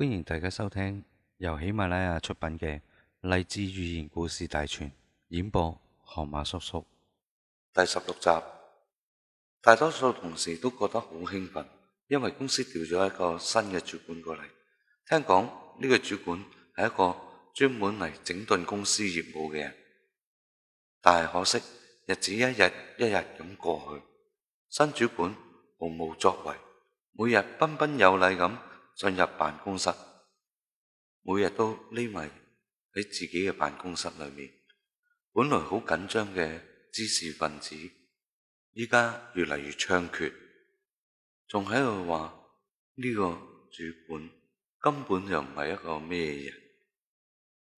歡迎大家收聽由喜馬拉雅出品嘅《勵志寓言故事大全》，演播河馬叔叔，第十六集。大多數同事都覺得好興奮，因為公司調咗一個新嘅主管過嚟。聽講呢個主管係一個專門嚟整頓公司業務嘅人。但係可惜日子一日一日咁過去，新主管毫無作為，每日彬彬有禮咁。進入辦公室，每日都匿埋喺自己嘅辦公室裏面。本來好緊張嘅知識分子，依家越嚟越猖獗，仲喺度話呢個主管根本就唔係一個咩人，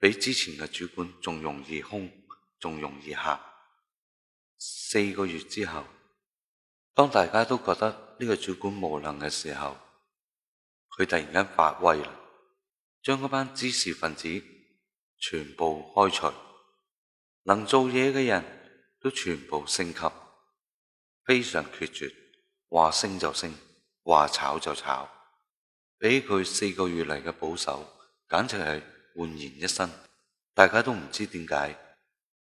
比之前嘅主管仲容易凶，仲容易吓。四個月之後，當大家都覺得呢個主管無能嘅時候。佢突然間發威啦，將嗰班知識分子全部開除，能做嘢嘅人都全部升級，非常決絕，話升就升，話炒就炒，俾佢四個月嚟嘅保守，簡直係煥然一新，大家都唔知點解，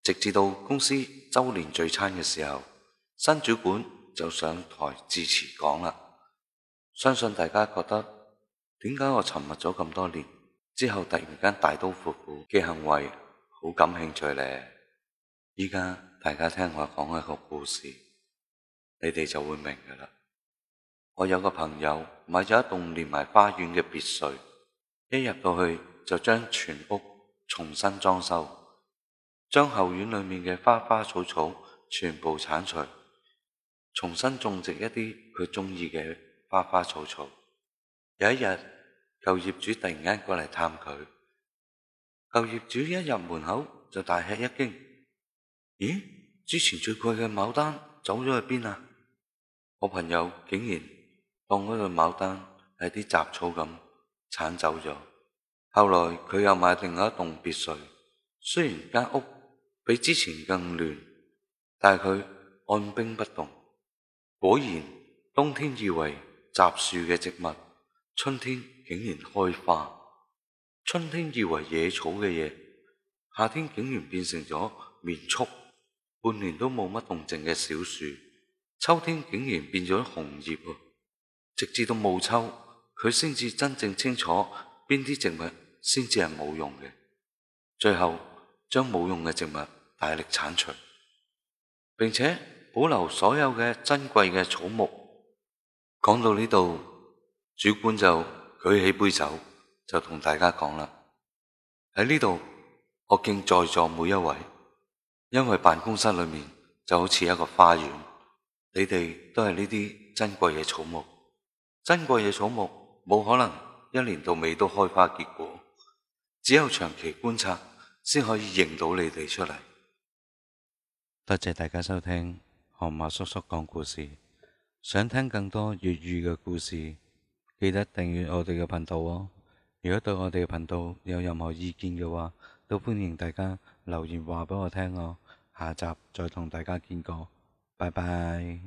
直至到公司周年聚餐嘅時候，新主管就上台致辭講啦。相信大家覺得。點解我沉默咗咁多年之後，突然間大刀闊斧嘅行為好感興趣呢？依家大家聽我講一個故事，你哋就會明噶啦。我有個朋友買咗一棟連埋花園嘅別墅，一入到去就將全屋重新裝修，將後院裏面嘅花花草草全部鏟除，重新種植一啲佢中意嘅花花草草。有一日，舊業主突然間過嚟探佢。舊業主一入門口就大吃一驚：咦，之前最貴嘅牡丹走咗去邊啊？我朋友竟然當嗰個牡丹係啲雜草咁鏟走咗。後來佢又買另外一棟別墅，雖然間屋比之前更亂，但係佢按兵不動。果然冬天以為雜樹嘅植物，春天竟然開花，春天以為野草嘅嘢，夏天竟然變成咗棉竹，半年都冇乜動靜嘅小樹，秋天竟然變咗紅葉，直至到暮秋，佢先至真正清楚邊啲植物先至係冇用嘅，最後將冇用嘅植物大力鏟除，並且保留所有嘅珍貴嘅草木。講到呢度。主管就舉起杯酒，就同大家講啦：喺呢度，我敬在座每一位，因為辦公室裏面就好似一個花園，你哋都係呢啲珍貴嘅草木。珍貴嘅草木冇可能一年到尾都開花結果，只有長期觀察先可以認到你哋出嚟。多謝大家收聽，河馬叔叔講故事。想聽更多粵語嘅故事。記得訂閱我哋嘅頻道哦。如果對我哋嘅頻道有任何意見嘅話，都歡迎大家留言話畀我聽哦。下集再同大家見過，拜拜。